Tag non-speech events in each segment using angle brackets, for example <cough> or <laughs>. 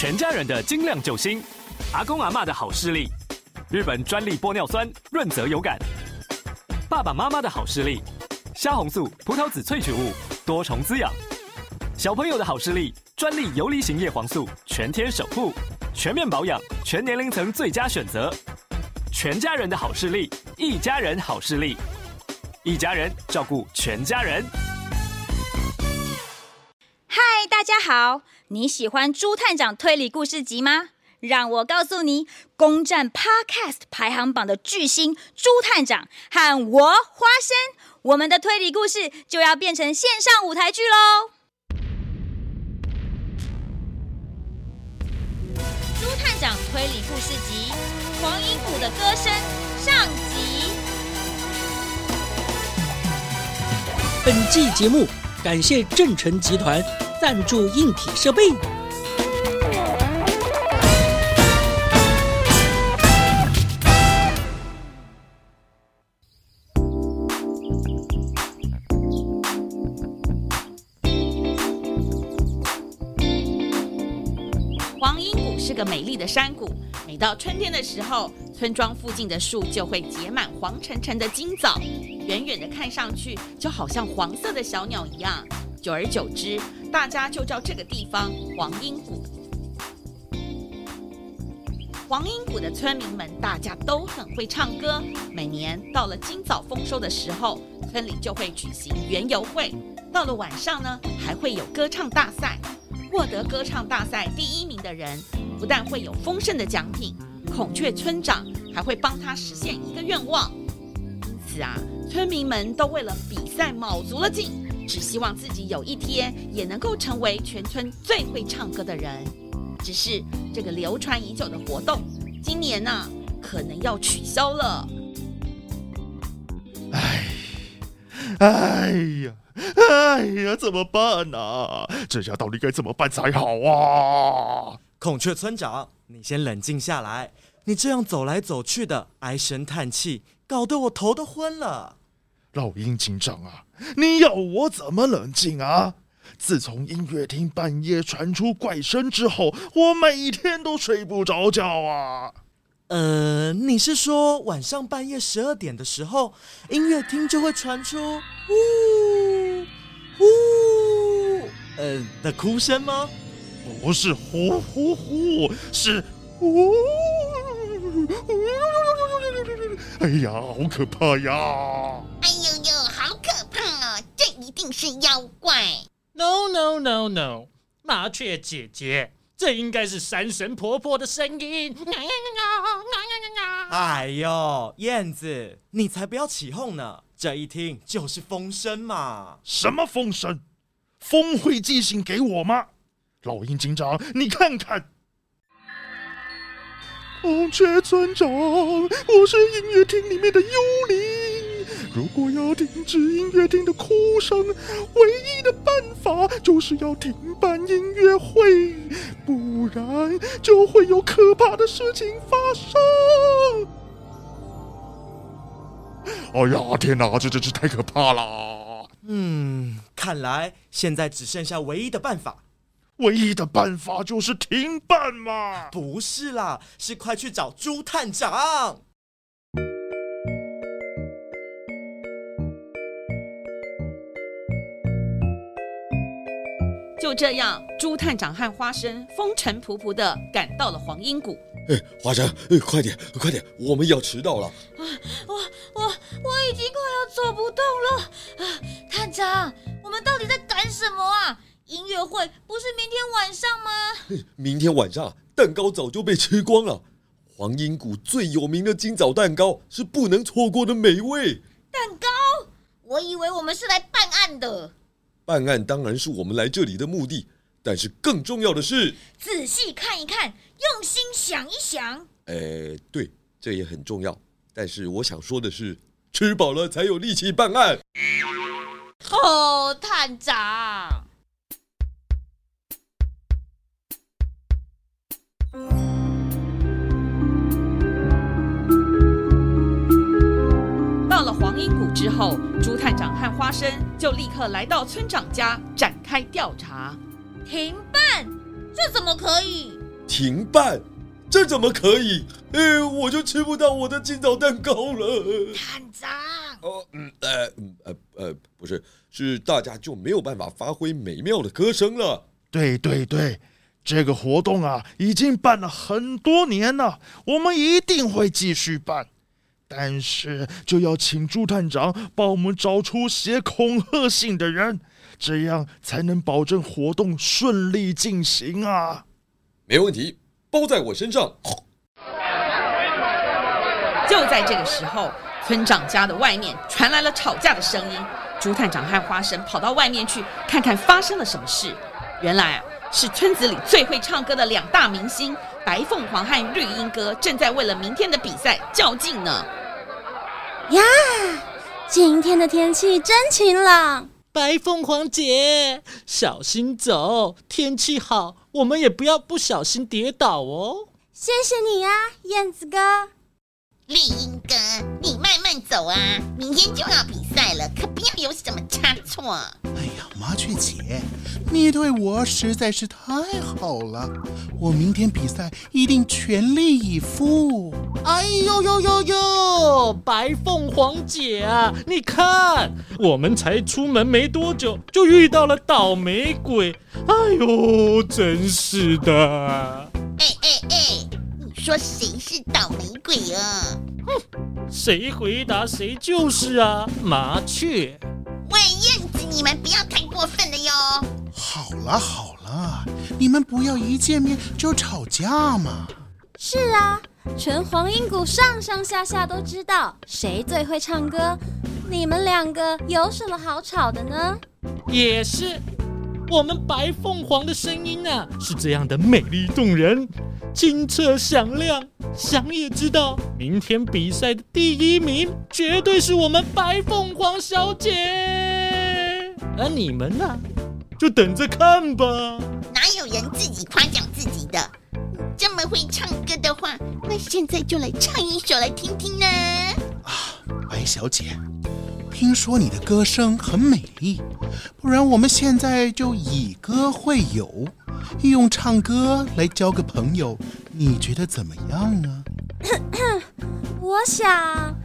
全家人的晶亮救星，阿公阿媽的好視力，日本專利玻尿酸潤澤有感，爸爸媽媽的好視力，蝦紅素葡萄籽萃取物多重滋養，小朋友的好視力，專利游離型葉黃素全天守護，全面保養，全年齡層最佳選擇，全家人的好視力，一家人好視力，一家人照顧全家人。好，你喜歡《豬探長推理故事集》嗎？讓我告訴你，攻占 Podcast 排行榜的巨星豬探長和我花生，我們的推理故事就要變成線上舞台劇嘍！《豬探長推理故事集》黃鶯谷的歌聲上集，本季節目感謝正成集團。贊助硬體設備。黃鶯谷是個美麗的山谷，每到春天的時候，村莊附近的樹就會結滿黃澄澄的金棗，遠遠的看上去就好像黃色的小鳥一樣。久而久之。大家就叫這個地方黃鶯谷。黃鶯谷的村民們大家都很會唱歌，每年到了今早豐收的時候，村裡就會舉行園遊會。到了晚上呢，還會有歌唱大賽。獲得歌唱大賽第一名的人，不但會有豐盛的獎品，孔雀村長還會幫他實現一個願望。因此啊，村民們都為了比賽卯足了勁。只希望自己有一天也能夠成為全村最會唱歌的人。只是這個流傳已久的活動，今年呢可能要取消了。哎，哎呀，哎呀，怎麼辦啊？這下到底該怎麼辦才好啊？孔雀村長，你先冷靜下來。你這樣走來走去的，唉聲嘆氣，搞得我頭都昏了。老鷹警長啊，你要我怎麼冷靜啊？自從音樂廳半夜傳出怪聲之後，我每天都睡不着覺啊。呃，你是說晚上半夜十二點的時候，音樂廳就會傳出嗚嗚嗯的哭聲嗎？不是呼呼呼，是嗚嗚嗚嗚嗚嗚嗚呀，嗚嗚嗚嗚。哎呀，好可怕呀！一定是妖怪！No No No No，麻雀姐姐，這應該是山神婆婆的聲音。哎呦，燕子，你才不要起哄呢！這一聽就是風聲嘛。什麼風聲？風會寄信給我嗎？老鷹警長，你看看，孔雀村長，我是音樂廳裡面的幽靈。如果要停止音樂廳的哭聲，唯一的辦法就是要停辦音樂會，不然就會有可怕的事情發生。哎呀，天哪，這這這太可怕了！嗯，看來現在只剩下唯一的辦法，唯一的辦法就是停辦嘛。不是啦，是快去找豬探長。就這樣，豬探長和花生風塵僕僕的趕到了黃鶯谷。哎、欸，花生、欸，快點，快點，我們要遲到了。啊、我我我已經快要走不動了、啊。探長，我們到底在幹什麼啊？音樂會不是明天晚上嗎？明天晚上，蛋糕早就被吃光了。黃鶯谷最有名的金棗蛋糕是不能錯過的美味。蛋糕？我以為我們是來辦案的。辦案當然是我們來這裡的目的，但是更重要的是仔細看一看，用心想一想。誒，對，這也很重要。但是我想說的是，吃飽了才有力氣辦案。好，哦，探長。鶯谷之後，豬探長和花生就立刻來到村長家展開調查。停辦，這怎麼可以？停辦，這怎麼可以？哎，我就吃不到我的金棗蛋糕了。探長，哦，嗯、呃，嗯，呃，呃，不是，是大家就沒有辦法發揮美妙的歌聲了。對對對，這個活動啊，已經辦了很多年了，我們一定會繼續辦。但是就要請豬探長幫我們找出寫恐嚇信的人，這樣才能保證活動順利進行啊！沒問題，包在我身上。就在這個時候，村長家的外面傳來了吵架的聲音。豬探長和花生跑到外面去看看發生了什麼事。原來啊，是村子裡最會唱歌的兩大明星。白鳳凰和綠鸚哥正在為了明天的比賽較勁呢。呀，今天的天氣真晴朗。白鳳凰姐，小心走，天氣好，我們也不要不小心跌倒哦。謝謝你啊，燕子哥。綠鸚哥，你慢慢走啊，明天就要比賽了，可不要有什麼差錯。麻雀姐，你對我實在是太好了，我明天比賽一定全力以赴。哎呦呦呦呦，白鳳凰姐啊，你看，我們才出門沒多久就遇到了倒霉鬼，哎呦，真是的。哎哎哎，你說誰是倒霉鬼啊？哼，誰回答誰就是啊，麻雀。喂。你們不要太過分了喲！好了好了，你們不要一見面就吵架嘛。是啊，全黃鶯谷上上下下都知道誰最會唱歌，你們兩個有什麼好吵的呢？也是，我們白鳳凰的聲音啊，是這樣的美麗動人、清澈響亮，想也知道，明天比賽的第一名絕對是我們白鳳凰小姐。那你們呢，就等着看吧。哪有人自己誇獎自己的？這麼會唱歌的話，那現在就來唱一首來聽聽呢。啊，白小姐，聽說你的歌聲很美麗，不然我們現在就以歌會友，用唱歌來交個朋友，你覺得怎麼樣呢、啊咳咳？我想，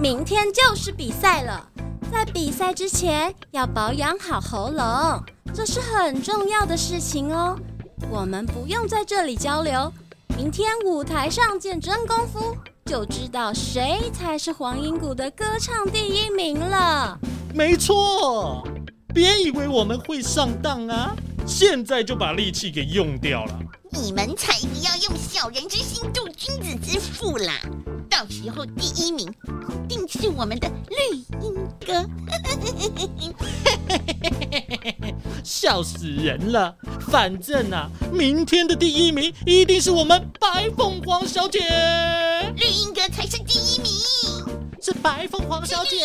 明天就是比賽了。在比賽之前要保養好喉嚨，這是很重要的事情哦。我們不用在這裡交流，明天舞台上見真功夫，就知道誰才是黃鶯谷的歌唱第一名了。沒錯，別以為我們會上當啊！現在就把力氣給用掉了，你們才不要用小人之心度君子之腹啦！到時候第一名定是我們的綠鶯哥， <laughs> , <laughs> 笑死人了！反正啊，明天的第一名一定是我們白鳳凰小姐。綠鶯哥才是第一名，是白鳳凰小姐，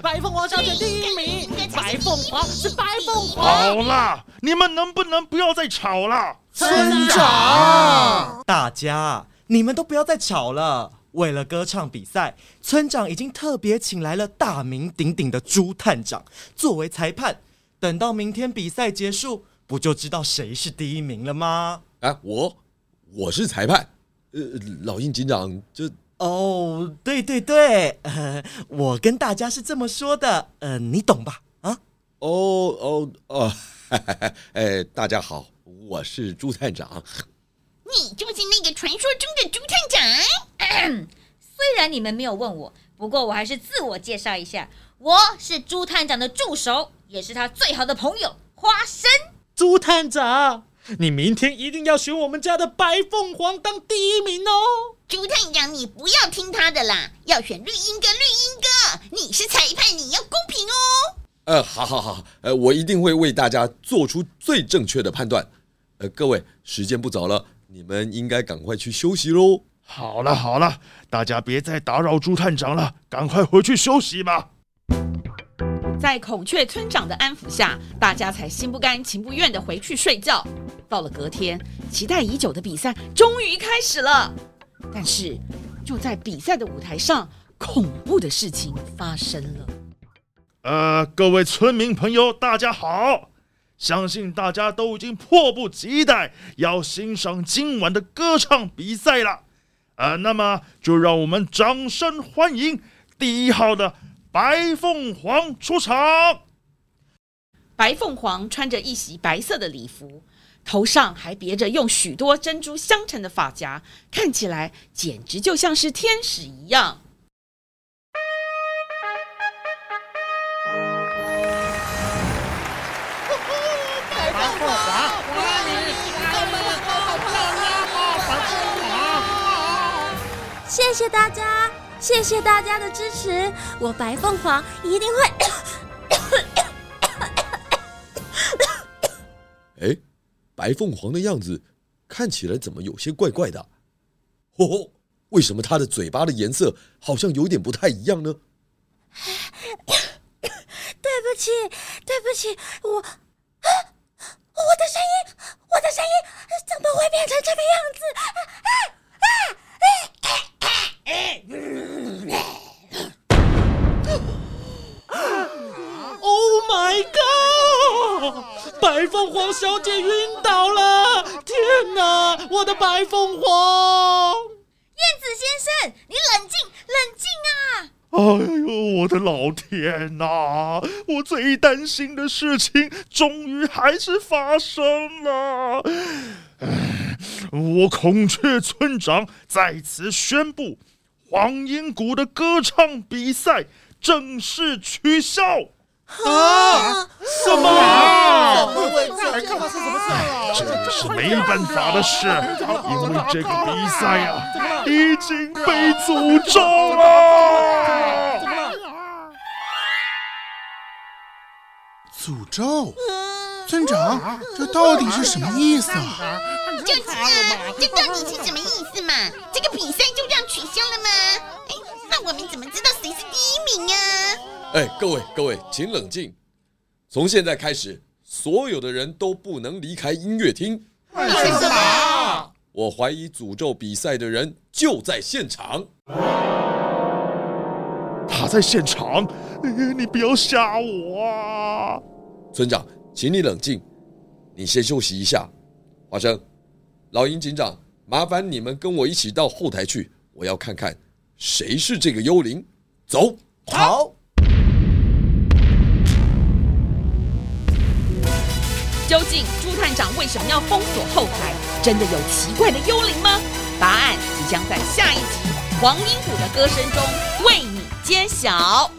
白鳳凰小姐第一名，一名白鳳凰是白鳳凰。好了，你們能不能不要再吵了？村長，村長，大家你們都不要再吵了。為了歌唱比賽，村長已經特別請來了大名鼎鼎的豬探長作為裁判。等到明天比賽結束，不就知道誰是第一名了嗎？啊，我我是裁判，呃，老鷹警長就。哦，對對對。呃，我跟大家是這麼說的，呃，你懂吧？啊，哦哦哦，哎，哎，大家好，我是豬探長。你就是那個傳說中的豬探長。 <coughs> 雖然你們沒有問我，不過我還是自我介紹一下，我是豬探長的助手，也是他最好的朋友花生。豬探長，你明天一定要選我們家的白鳳凰當第一名哦。豬探長，你不要聽他的啦，要選黃鶯跟黃鶯哥，你是裁判，你要公平哦。呃，好好好，呃，我一定會為大家做出最正確的判斷。呃，各位，時間不早了，你們應該趕快去休息嘍。好了好了，大家別再打擾豬探長了，趕快回去休息吧。在孔雀村長的安撫下，大家才心不甘情不願的回去睡覺。到了隔天，期待已久的比賽終於開始了。但是，就在比賽的舞台上，恐怖的事情發生了。呃，各位村民朋友，大家好，相信大家都已經迫不及待要欣賞今晚的歌唱比賽了。啊、呃，那麼就讓我們掌聲歡迎第一號的白鳳凰出場。白鳳凰穿着一襲白色的禮服，頭上還別着用許多珍珠鑲成的髮夾，看起來簡直就像是天使一樣。哦哦謝謝大家，謝謝大家的支持。我白鳳凰一定會。哎，白鳳凰的樣子看起來怎麼有些怪怪的？哦，為什麼他的嘴巴的顏色好像有點不太一樣呢？對不起，對不起，我啊，我的聲音，我的聲音怎麼會變成這個樣子？Oh my god！白鳳凰小姐暈倒了！天哪，我的白鳳凰！燕子先生，你冷靜，冷靜啊！哎呦，我的老天吶，我最擔心的事情終於還是發生了。我孔雀村長在此宣布。黃鶯谷的歌唱比賽正式取消。啊！什麼啊！哎，這也是沒辦法的事，啊、因為這個比賽啊，啊已經被詛咒了。怎麼了？詛咒、啊啊？村長，這到底是什麼意思啊？就是啊，這到底是什麼意思嘛？了這個比賽就這樣取消了嗎？哎，那我們怎麼知道誰是第一名啊？哎，各位各位，請冷靜。從現在開始，所有的人都不能離開音樂廳。哎，為什麼？我懷疑詛咒比賽的人就在現場。他在現場？你不要嚇我啊！村長，請你冷靜，你先休息一下。花生，老鷹警長，麻煩你們跟我一起到後台去，我要看看誰是這個幽靈。走，好。好。究竟豬探長為什麼要封鎖後台？真的有奇怪的幽靈嗎？答案即將在下一集《黃鶯谷的歌聲》中為你揭曉。